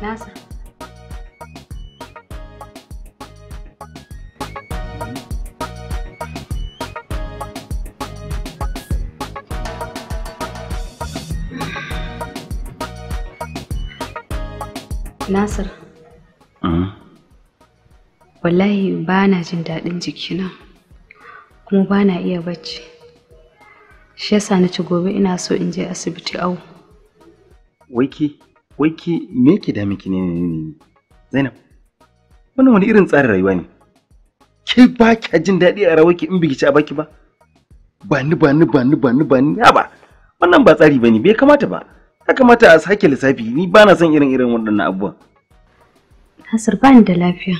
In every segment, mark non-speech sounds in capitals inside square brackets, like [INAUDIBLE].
Nasir. Nasir. Wallahi ba na jin daɗin jikina kuma ba na iya bacci. Shi yasa na ci gobe ina so in je asibiti au. Wai ki? wai ki me ke da miki ne ne Zainab wannan wani irin tsarin rayuwa ne ke ba ki jin daɗi a rawaki in biki ci a baki ba ba ni ba ni ba ni ba ni ba ni ba wannan ba tsari bane bai kamata ba ya kamata a sake lissafi ni ba na son irin irin waɗannan abubuwan Nasir ba ni da lafiya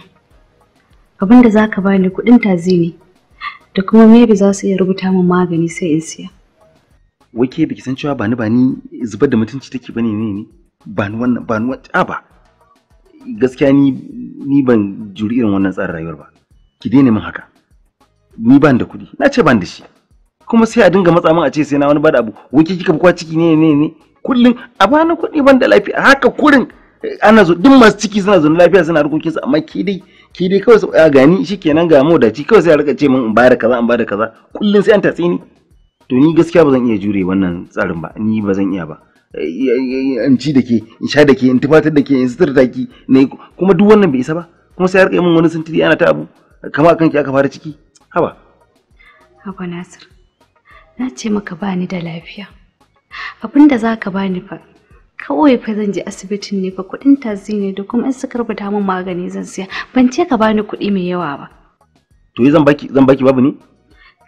abin da zaka ba ni kuɗin tazi ne da kuma maybe za su iya rubuta min magani sai in siya wai ke biki san cewa ba ni ba ni zubar da mutunci take bane ne ne ba ni wannan ba ni wata ba gaskiya ni ban juri irin wannan tsarin rayuwar ba ki daina min haka ni ban da kuɗi na ce ban da shi kuma sai a dinga matsa min a ce sai na wani bada abu wanke kika bukwa ciki ne ne ne kullum a bani kuɗi ban da lafiya haka kurin ana zo duk masu ciki suna zo lafiya suna harkokin su amma ki dai ki dai kawai sai gani shikenan ga mu da ci kawai sai a rika ce min in bada kaza in bada kaza kullum sai an tatsi ni to ni gaskiya ba zan iya jure wannan tsarin ba ni ba zan iya ba in ci da ke in sha da ke in tufatar da ke in sutura da ki ne kuma duk wannan bai isa ba kuma sai har kai mun wani sintiri ana ta abu kama ki aka fara ciki haba haba nasir na ce maka ba ni da lafiya abin da za ka bani fa kawai fa zan je asibitin ne fa kuɗin tazi ne da kuma in suka rubuta min magani zan siya ban ce ka bani kuɗi mai yawa ba to zan baki zan baki babu ne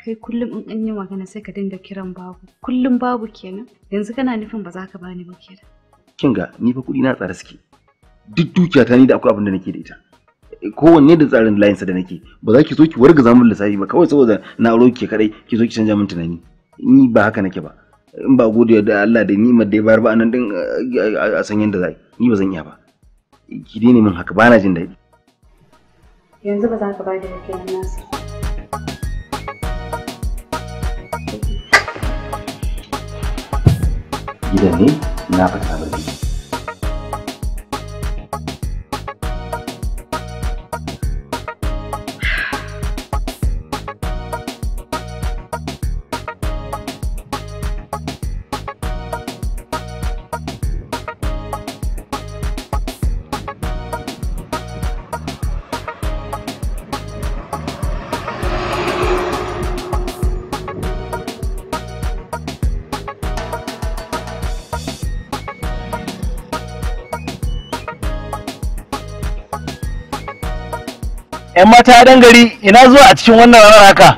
kai kullum in an yi magana sai ka dinga kiran babu kullum babu kenan yanzu kana nufin ba za ka bani ba kenan kin ga ni fa kuɗi na tsare suke duk dukiya ta ni da akwai abin da nake da ita kowanne da tsarin layinsa da nake ba za ki zo ki wargaza min lissafi ba kawai saboda na aro ki kadai ki zo ki canja min tunani ni ba haka nake ba in ba gode da Allah da ni'imar da ya bayar ba anan din a san yanda za ni ba zan iya ba ki daina min haka bana jin daɗi yanzu ba za ka ba kenan na nasu gitu nih, kenapa kita 'yan mata dan gari ina zuwa a cikin wannan ranar haka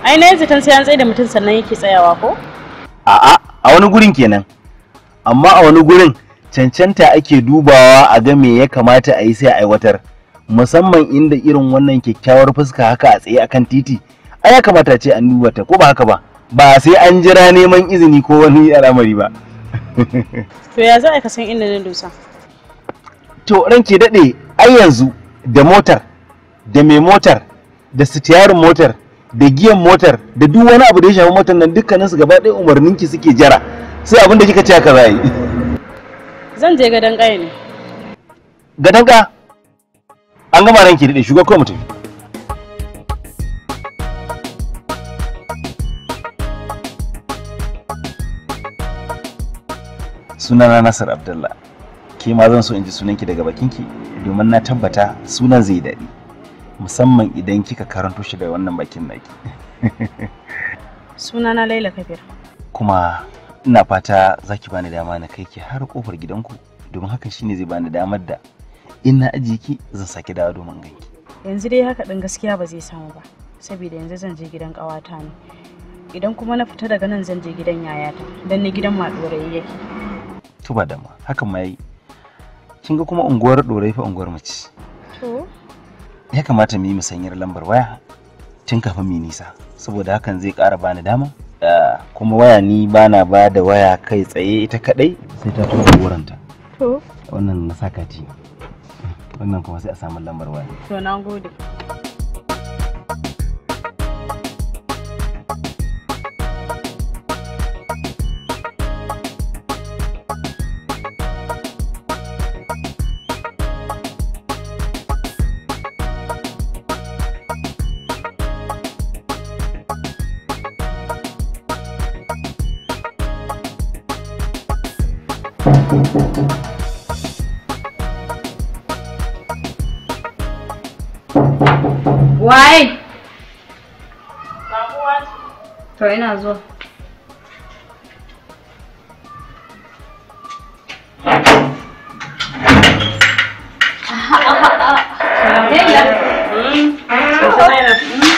ai na yanzu sai an tsaye da mutum sannan yake tsayawa ko a'a a wani gurin kenan amma a wani gurin cancanta ake dubawa a ga me ya kamata a yi sai aiwatar musamman inda irin wannan kyakkyawar fuska haka a tsaye akan titi ai ya kamata ce an duba ta ko ba haka ba ba sai an jira neman izini ko wani al'amari ba [LAUGHS] to ya za a ka san inda na dosa to ranke daɗe ai yanzu da motar da mai motar da sitiyarin motar da giyan motar da duk wani abu da ya shafi motar nan dukkanin su gaba ɗaya umarnin ki suke jara, sai abin da kika ce ka za yi zan je gadon ƙaya ne gadon ƙa an gama ranki daɗe shugo ko mutum sunana nasir Abdullahi. ke ma zan so in ji sunanki daga ki domin na tabbata sunan zai daɗi musamman idan kika karanto shi da wannan bakin naki sunana laila kabir kuma ina fata za ki bani dama na kai ki har kofar gidanku domin hakan shine zai bani damar da in na ajiye ki zan sake dawo domin ganki yanzu dai haka din gaskiya ba zai samu ba saboda yanzu zan je gidan kawata ne idan kuma na fita daga nan zan je gidan yayata don ni gidan maɗorayi yake tuba da ma hakan ma yi. kin ga kuma unguwar dorai fa unguwar mace ya kamata mu yi musanyar lambar waya tun kafin mu nisa saboda hakan zai ƙara bani dama kuma waya ni bana ba da waya kai tsaye ita kadai sai ta tura goranta to wannan na saka ci wannan kuma sai a samu lambar waya to nagode To ina zuwa.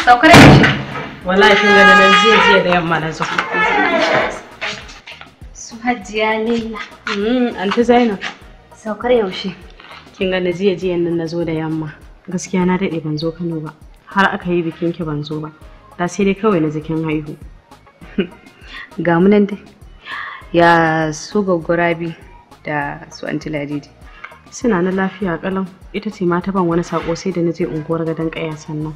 Saukar da shi. Wallahi kin gani nan jiya jiya da yamma na zo. Su Hajiya Laila. Mm, Anti Zainab. Saukar yaushe. Kin gani jiya jiya nan na zo da yamma. Gaskiya na daɗe ban zo Kano ba. Har aka yi bikin ki ban zo ba. ta sai dai kawai na jikin haihu [LAUGHS] ga nan dai ya su bi da su antiladidi suna na lafiya kalan ita ce ma ta ban wani sako sai da na je unguwar gadon kaya sannan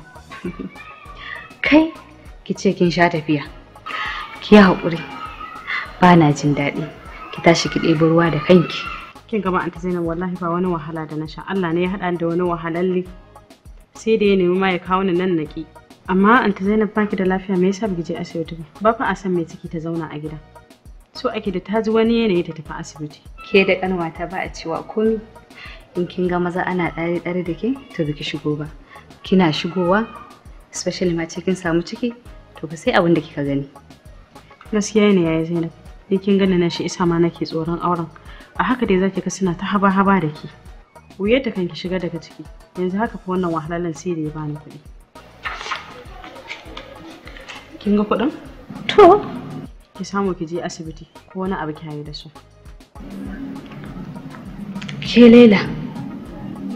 [LAUGHS] kai ki ce kin sha tafiya ki yi haƙuri ba na jin daɗi ki tashi ki ɗebi ruwa da kanki kin gama anta zainab wallahi ba wani wahala da na sha Allah ne ya haɗa da wani wahalalle sai da ya nemi ma ya kawo ni nan naki Amma anta Zainab baki da lafiya me yasa biki je asibiti ba? Ba fa a san me ciki ta zauna a gida. So ake da ta ji wani yanayi ta tafi asibiti. Ke da kanwata ba a cewa komi. In kin ga maza ana ɗare dare da ke to biki shigo ba. Kina shigowa especially ma cikin samu ciki to ba sai abin da kika gani. Gaskiya ne yayi Zainab. Ni kin gani na shi isa ma nake tsoron auren. A haka dai zaki ga suna ta haba haba da ke. Wuyar da kanki shiga daga ciki. Yanzu haka fa wannan wahalalan sai da ya bani kuɗi. kin ga kuɗin? To. Ki samu ki je asibiti ko wani abu ki da su. Ke Laila,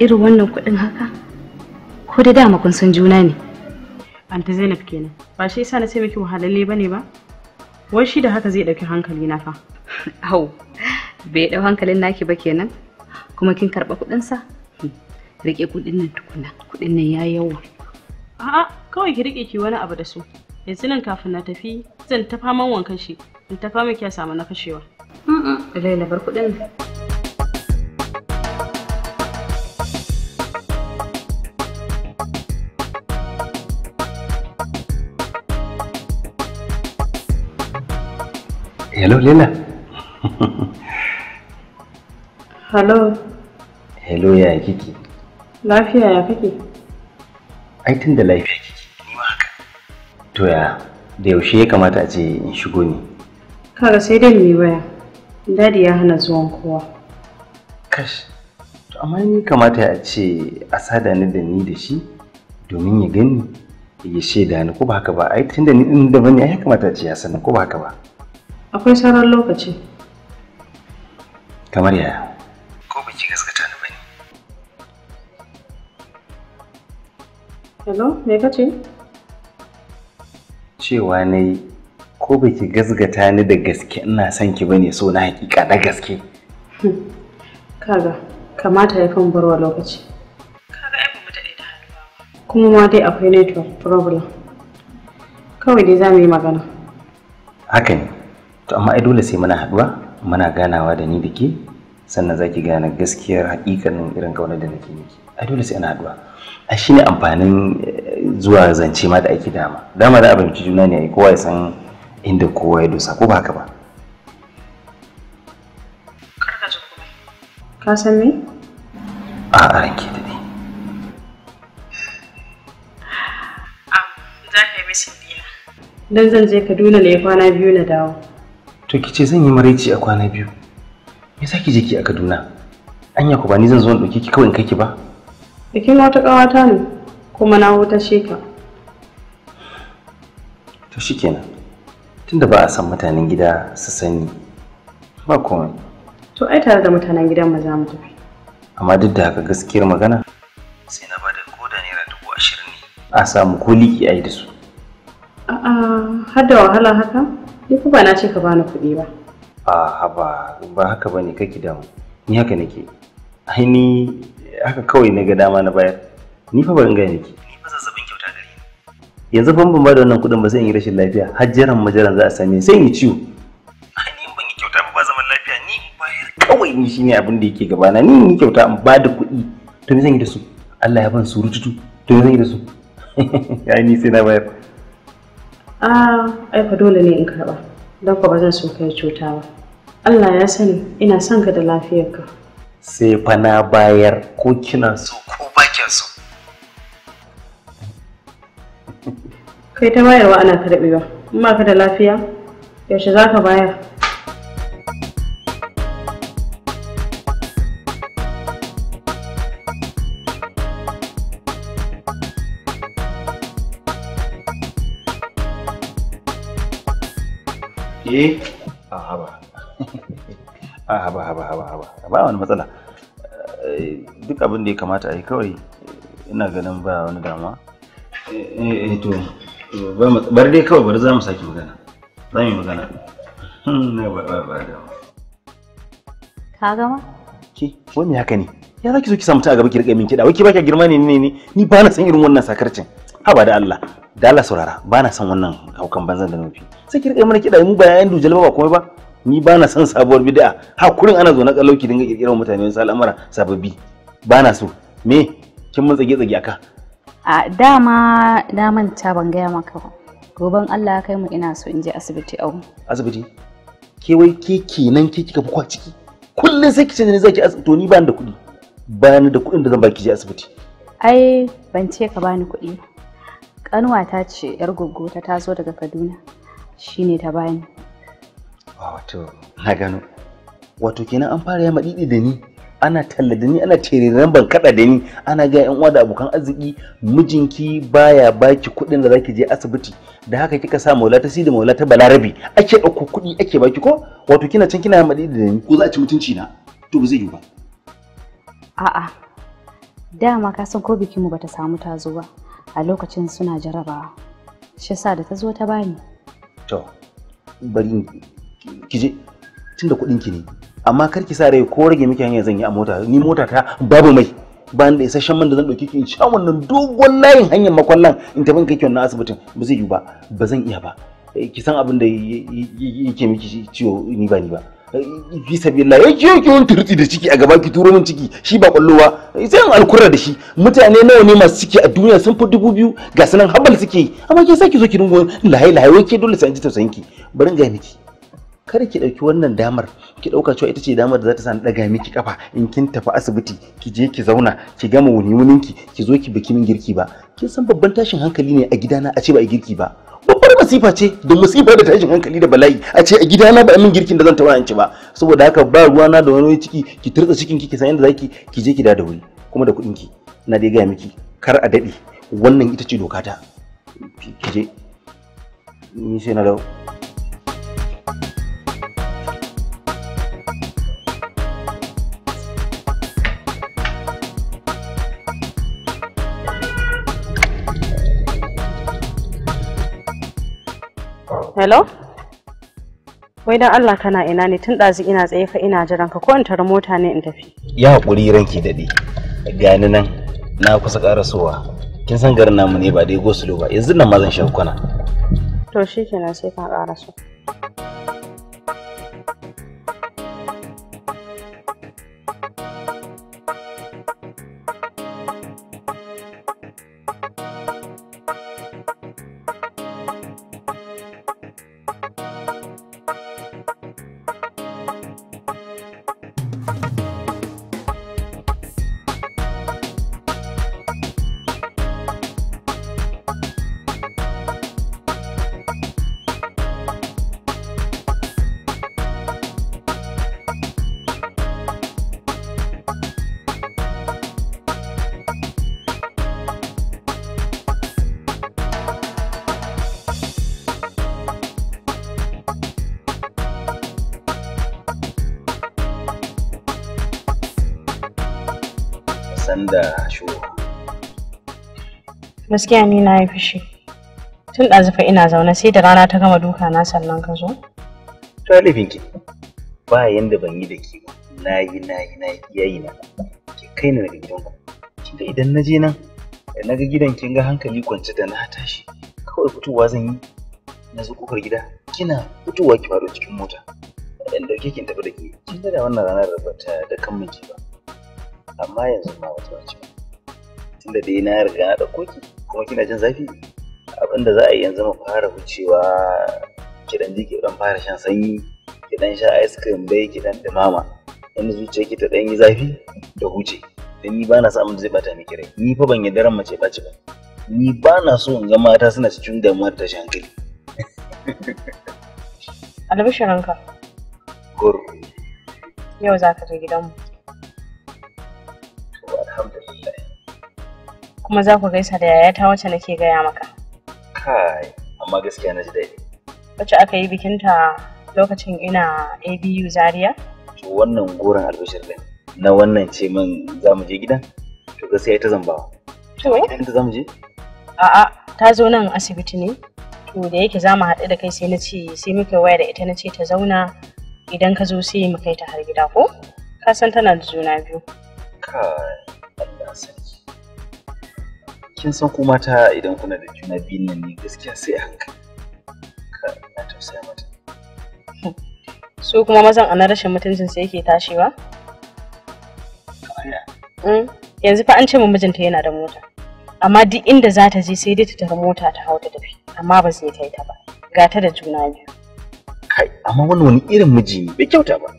irin wannan kuɗin haka? Ko da dama kun san juna ne? Anta Zainab kenan. Ba shi yasa na ce miki wahalalle bane ba? Wai shi da haka zai ɗauki hankali na fa. [LAUGHS] Au, bai ɗau hankalin naki ba kenan? Kuma kin karɓa kuɗinsa? Hm, rike kuɗin nan tukuna, kuɗin nan ya yawa. A'a, kawai ki rike ki wani abu da su. yanzu nan kafin na tafi zan tafa man wankan shi in tafa miki ya samu na kashewa. Laila bar kuɗin. Hello Laila. Hello. Hello ya kike? Lafiya ya kake? Ai tun da lafiya to ya da yaushe ya kamata a ce in shigo ne kaga sai dai mu waya dadi ya hana zuwan kowa kash to amma ni kamata a ce a sada ni da ni da shi domin ya gani ya shaida ni ko ba haka ba ai tunda ni da bane ai kamata a ce ya sani ko ba haka ba akwai sauran lokaci kamar yaya ko ba ki gaskata ni bane hello me kace cewa na yi ko ba ki gazgata ni da gaske ina son ki bane so na hakika na gaske kaga kamata ya kan barwa lokaci kaga ai mu daɗe da haɗuwa kuma ma dai akwai network problem kawai dai za mu yi magana haka ne to amma ai dole sai muna haɗuwa, muna ganawa da ni da ke sannan za ki gane gaskiyar hakikanin irin kaunar da nake miki ai dole sai ana haɗuwa a shine amfanin zuwa zance ma da ake dama dama da abin juna ne kowa ya san inda kowa ya dosa ko ba haka ba ka san me? a a ranke da ne za ka yi misin dina don zan je kaduna na ya kwana biyu na dawo to ki ce zan yi maraici a kwana biyu me za ki je ki a kaduna anya ku ba ni zan zo in ɗauki ki kawai in kai ki ba bikin wata ƙawata ne kuma na huta shi ka to kenan, tunda ba a san mutanen gida su sani ba komai to ai tare da mutanen gidan mu za mu tafi amma duk da haka gaskiyar magana sai na bada koda naira dubu ashirin ne a samu ko liki a yi da su a'a har da wahala haka ni ko ba na ce ka bani kuɗi ba a ba ba haka bane kake damu ni haka nake ai ni haka kawai na ga dama na bayar ni fa barin gaya miki ni fa zazzabin kyauta gare ni yanzu fa ban ba da wannan kuɗin ba sai in yi rashin lafiya hajjaran majaran za a same sai in yi ciwo ni ban yi kyauta ba zaman lafiya ni bayar kawai ni shine abin da yake gabana ni ni kyauta in ba da kuɗi to me zan yi da su Allah ya ban su rututu. to me zan yi da su [LAUGHS] ya ni sai na bayar ah ai fa dole ne in karba don fa ba zan so kai cuta ba Allah ya sani ina son ka da lafiyarka sai fa na bayar ko kina so ko kai ta bayarwa ana karɓewa in ba ka da lafiya yaushe za ka bayar eh a ah, haba ah, haba haba haba haba ba wani matsala eh, duk abin da ya kamata a yi kawai ina ganin ba wani dama. Eh, eh, eh to bar dai kawai bari za mu sake magana za mu yi magana hmm, ka gama ki wani haka ne ya za ki zo ki samu ta a gaba ki min kiɗa wai ki baki girma ne ne ne ni ba na san irin wannan sakarcin haba da Allah da Allah saurara ba na san wannan haukan banzan da nufi sai ki rike mana kiɗa mu ba yayin dujal ba komai ba ni ba na san sabuwar bid'a hakurin ana zo na kallau ki dinga kirkirar mutane sa al'amara sababbi ba na so me kin mun tsage tsage aka a dama na manta ban gaya maka ba goben Allah kai mu ina so in je asibiti au asibiti ke wai ke kenan ke kika bukwa ciki kullum sai ki ce ne zaki asibiti to ni ba da kuɗi ba ni da kuɗin da zan baki je asibiti ai ban ce ka bani kuɗi ta ce yar goggo ta taso daga Kaduna shine ta bani wato na gano wato kenan an fara yama didi da ni ana talla da ni ana tereren ban kada da ni ana ga yan uwa da abokan arziki mijinki baya baki kuɗin da zaki je asibiti da haka kika sa maula ta sida maula ta balarabi ake dauko kuɗi ake baki ko wato kina can kina maɗi da ni ko za a ci mutunci na to ba zai yi ba a'a dama ka san ko bikinmu bata samu zo ba a lokacin suna jarabawa shi sa da ta zo ta bani to bari ki je tunda kuɗin ki ne amma kar ki sa rai ko rage miki hanya zan yi a mota ni mota ta babu mai ba da isasshen man da zan dauke ki in sha wannan dogon layin hanyar makwallan in tafi kai ki wannan asibitin ba zai yi ba ba zan iya ba eh, ki san abin da yake miki ciwo ni ba ni ba eh, fi sabila ya ciyo yake wani turtsi da ciki a gaba ki turo min ciki shi ba kwallo eh, sai an alkurra da shi mutane nawa ne masu ciki a duniya sun fi dubu biyu ga sanan habal suke amma ke sa ki zo ki dungo lahai lahai wai ke dole sai an ji tausayin ki bari in ga miki kar ki ɗauki wannan damar ki ɗauka cewa ita ce damar da za ta sa ɗaga miki kafa in kin tafi asibiti ki je ki zauna ki gama wuni wunin ki zo ki biki min girki ba kin san babban tashin hankali ne a gidana a ce ba a girki ba babbar masifa ce da masifa da tashin hankali da bala'i a ce a gidana ba min girkin da zan taɓa ci ba saboda haka ba ruwana da wani ciki ki turtsa cikin ki ki san yadda zaki ki je ki da da wuri kuma da kuɗin ki na dai gaya miki kar a daɗe wannan ita ce doka ta ki je ni sai na dawo hello wai dan Allah kana ina ne tun ɗazu ina tsaye fa ina jiran ka ko in tara mota ne in tafi ya hakuri ranki daɗi gani nan na kusa ƙarasowa kin san garin namu ne ba dai gosulo ba yanzu nan ma zan sha kwana to shikenan sai ka so. gaskiya ni na yi fushi tun ɗazufa ina zaune sai da rana ta gama duka na sannan ka zo to ki? ba yanda ban yi da ke na yi na yi na yi na ki kai ni daga gidan ku. kinga idan na je nan da na gidan kin ga hankali kwance da na tashi kawai fitowa zan yi na zo kofar gida kina fitowa ki faɗo cikin mota Idan dauke kin tafi da ke kin da wannan ranar da bata da kan ba amma yanzu ma wata wace tunda dai na riga na ɗauko ki kuma kina jin zafi abinda za a yi yanzu mu fara wucewa kidan jiki ki dan fara shan sanyi ki sha ice cream dai ki dan dumama in zuciya ki ta dan yi zafi da huce dan ni bana samun zai bata ni rai ni fa ban yi daren mace bace ba ni bana so in ga mata suna cikin damuwa da shankali. hankali albishirinka goro yau za ka je gidanmu kuma za ku gaisa da yayata wacce nake gaya maka. Kai, amma gaskiya na ji daidai. Wacce aka yi bikinta lokacin ina ABU Zaria? To wannan goron albishir ne. na wannan ce min za mu je gidan? To gaskiya ita zan bawa. To gidan ta za mu je? A'a, ta zo nan asibiti ne. To da yake za mu haɗu da kai sai na ce sai muke waya da ita na ce ta zauna idan ka zo sai mu kai ta har gida ko? Ka san tana da juna biyu. Kai, Allah sani. kin san ko mata idan kuna da juna biyun nan ne gaskiya sai haka hankali ka na tausaya mata su kuma mazan a na rashin mutuncin sai yake tashiwa mm. yanzu fa an ce mijinta yana da mota amma duk inda za ta je sai dai ta tara mota ta hau ta tafi amma ba ta yi ta ba ga ta da juna biyu kai amma wani wani irin miji bai kyauta ba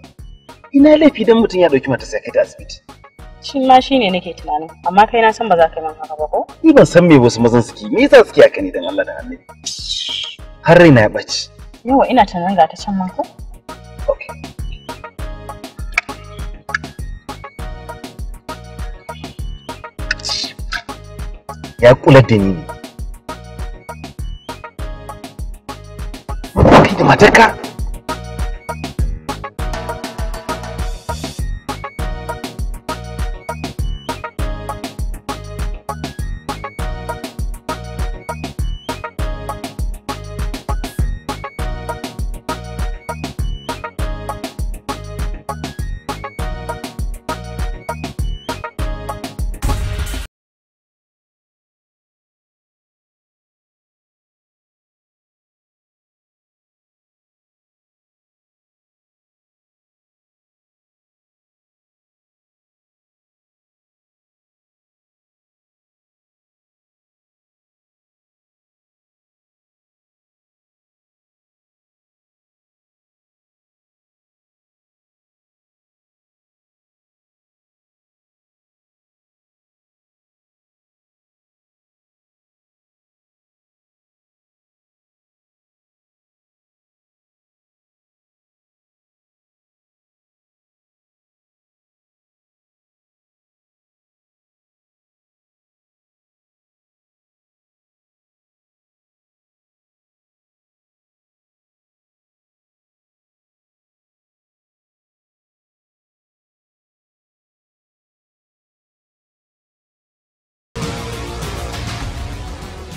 ina laifi dan mutum ya dauki mata sai kai ta asibiti shi ma shi ne nake tunanin amma kai na san ba za ka yi man haka ba ko ni ban san me wasu mazan suke me yasa suke haka ne dan Allah da Annabi har raina ya ɓaci yawa ina tunanin ga ta can man ko ya kula da ni ne. da matarka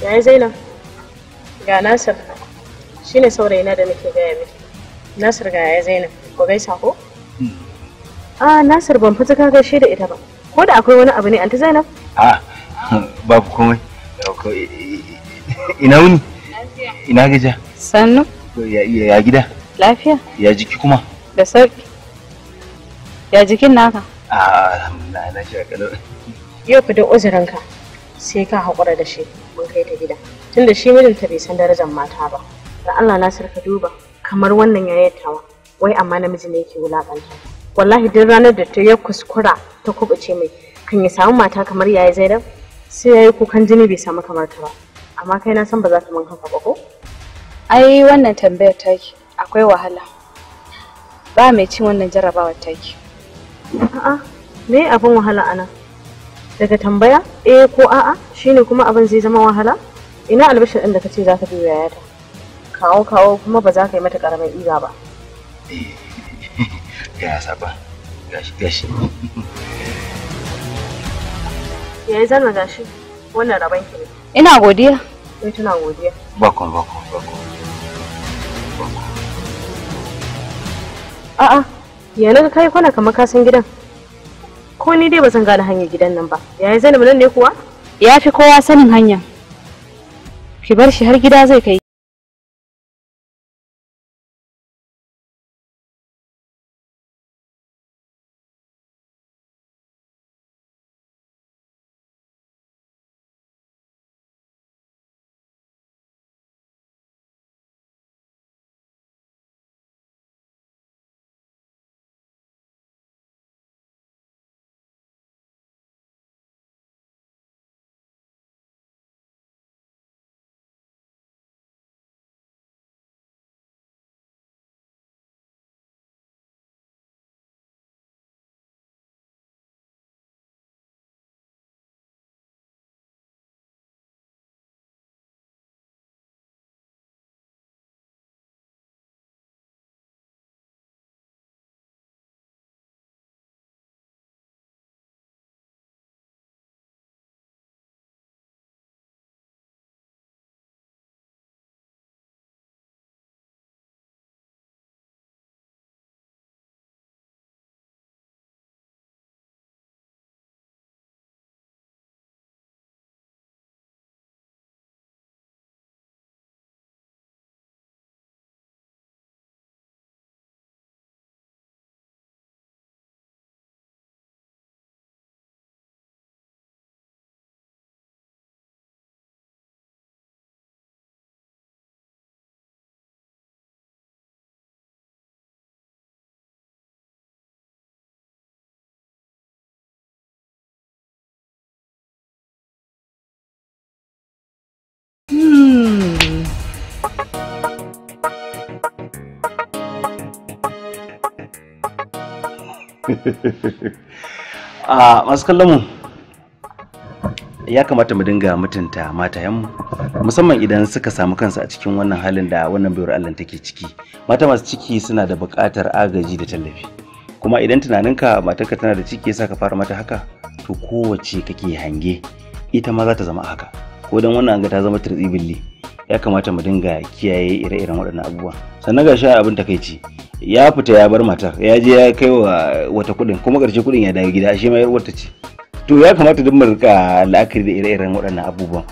yayi zainab ga nasir shine saurayina da nake gaya miki nasir ga yayi zainab ku gaisa ko hmm. a nasir ban fita kaga shi da ita ba ko da akwai wani abu ne anta zainab a [LAUGHS] babu komai ina wuni ina gaja sannu ya gida lafiya ya jiki kuma da sauki ya jikin naka a alhamdulillah na shi a yau fi da uzurinka sai ka haƙura da shi mun kai ta gida tunda shi mijinta bai san darajar mata ba da Allah na sarka duba kamar wannan ya tawa wai amma namiji ne yake wulaƙanta. wallahi duk ranar da ta ya kuskura ta kubuce mai kan ya samu mata kamar yayi Zainab sai yayi kukan jini bai samu kamar ta ba amma kai na san ba za ta mun haka ba ko ai wannan tambayar taki akwai wahala ba mai cin wannan jarabawar taki a'a me abin wahala anan daga tambaya a eh ko a'a shine kuma abin zai zama wahala ina albashir ɗin da ka ce za ka biyo yayata kawo kawo kuma ba za ka yi mata karamin iga ba [LAUGHS] ya saba gashi gashi [LAUGHS] ya yi zalma gashi wannan rabon ki ne ina godiya ni eh, tuna godiya bakon bakon bakon a'a ya naga kai kwana kamar kasan gidan ko ni dai ba zan gane hanyar gidan nan ba yayi zainab nan ne kuwa ya fi kowa sanin hanya ki bar shi har gida zai kai Hmm. a [LAUGHS] ah, masu mu ya kamata mu dinga mutunta matayenmu musamman idan suka samu kansu a cikin wannan halin da wannan baiwar Allah take ciki mata masu ciki suna da buƙatar agaji da tallafi kuma idan tunaninka matarka tana da ciki yasa ka fara mata haka to kowace kake hange ita ma za ta zama haka ko dan wannan ga ta zama tarzi-billi, ya kamata mu dinga kiyaye ire-iren waɗannan abubuwa sannan ga sha abin takaici ya fita ya bar matar ya je ya kai wa wata kuɗin kuma ƙarshe kuɗin ya dawo gida shi ma yar wata ce to ya kamata duk mu rika la'akari da ire-iren waɗannan abubuwan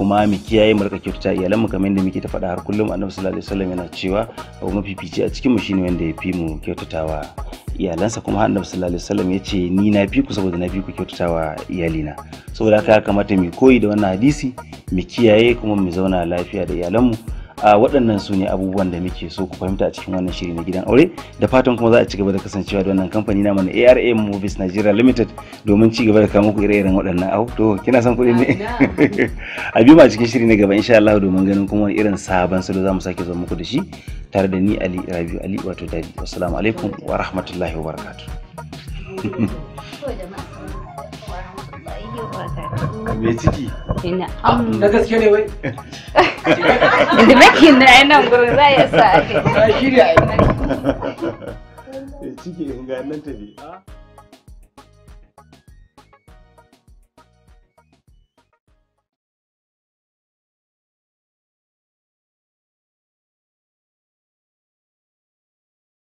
kuma mu kiyaye mu rika kyautata iyalanmu kamar yadda muke ta faɗa har kullum annabi sallallahu alaihi wasallam yana cewa abu mafifici a cikin mu shine wanda ya fi mu kyautatawa iyalansa kuma annabi sallallahu alaihi wasallam ya ce ni na fi ku saboda na fi ku kyautatawa iyalina saboda haka ya kamata mu koyi da wannan hadisi mu kiyaye kuma mu zauna lafiya da iyalanmu waɗannan su ne abubuwan da muke so ku fahimta a cikin wannan shiri na gidan aure da fatan kuma za a ci gaba da kasancewa da wannan kamfani na mana ARA Movies Nigeria Limited domin ci gaba da kawo muku ire-iren waɗannan abu to kina san kuɗi ne [LAUGHS] a biyu ma cikin shiri na gaba insha Allah domin ganin kuma wani irin sabon salo za mu sake zo muku da shi tare da ni Ali Rabiu Ali wato Dadi assalamu alaikum wa rahmatullahi wa barakatuh Me ciki? Ina. Ah, um. Na gaske ne wai? Inda [LAUGHS] nake gurin za ya sa ake. ne ciki in ga nan tafi. Ah.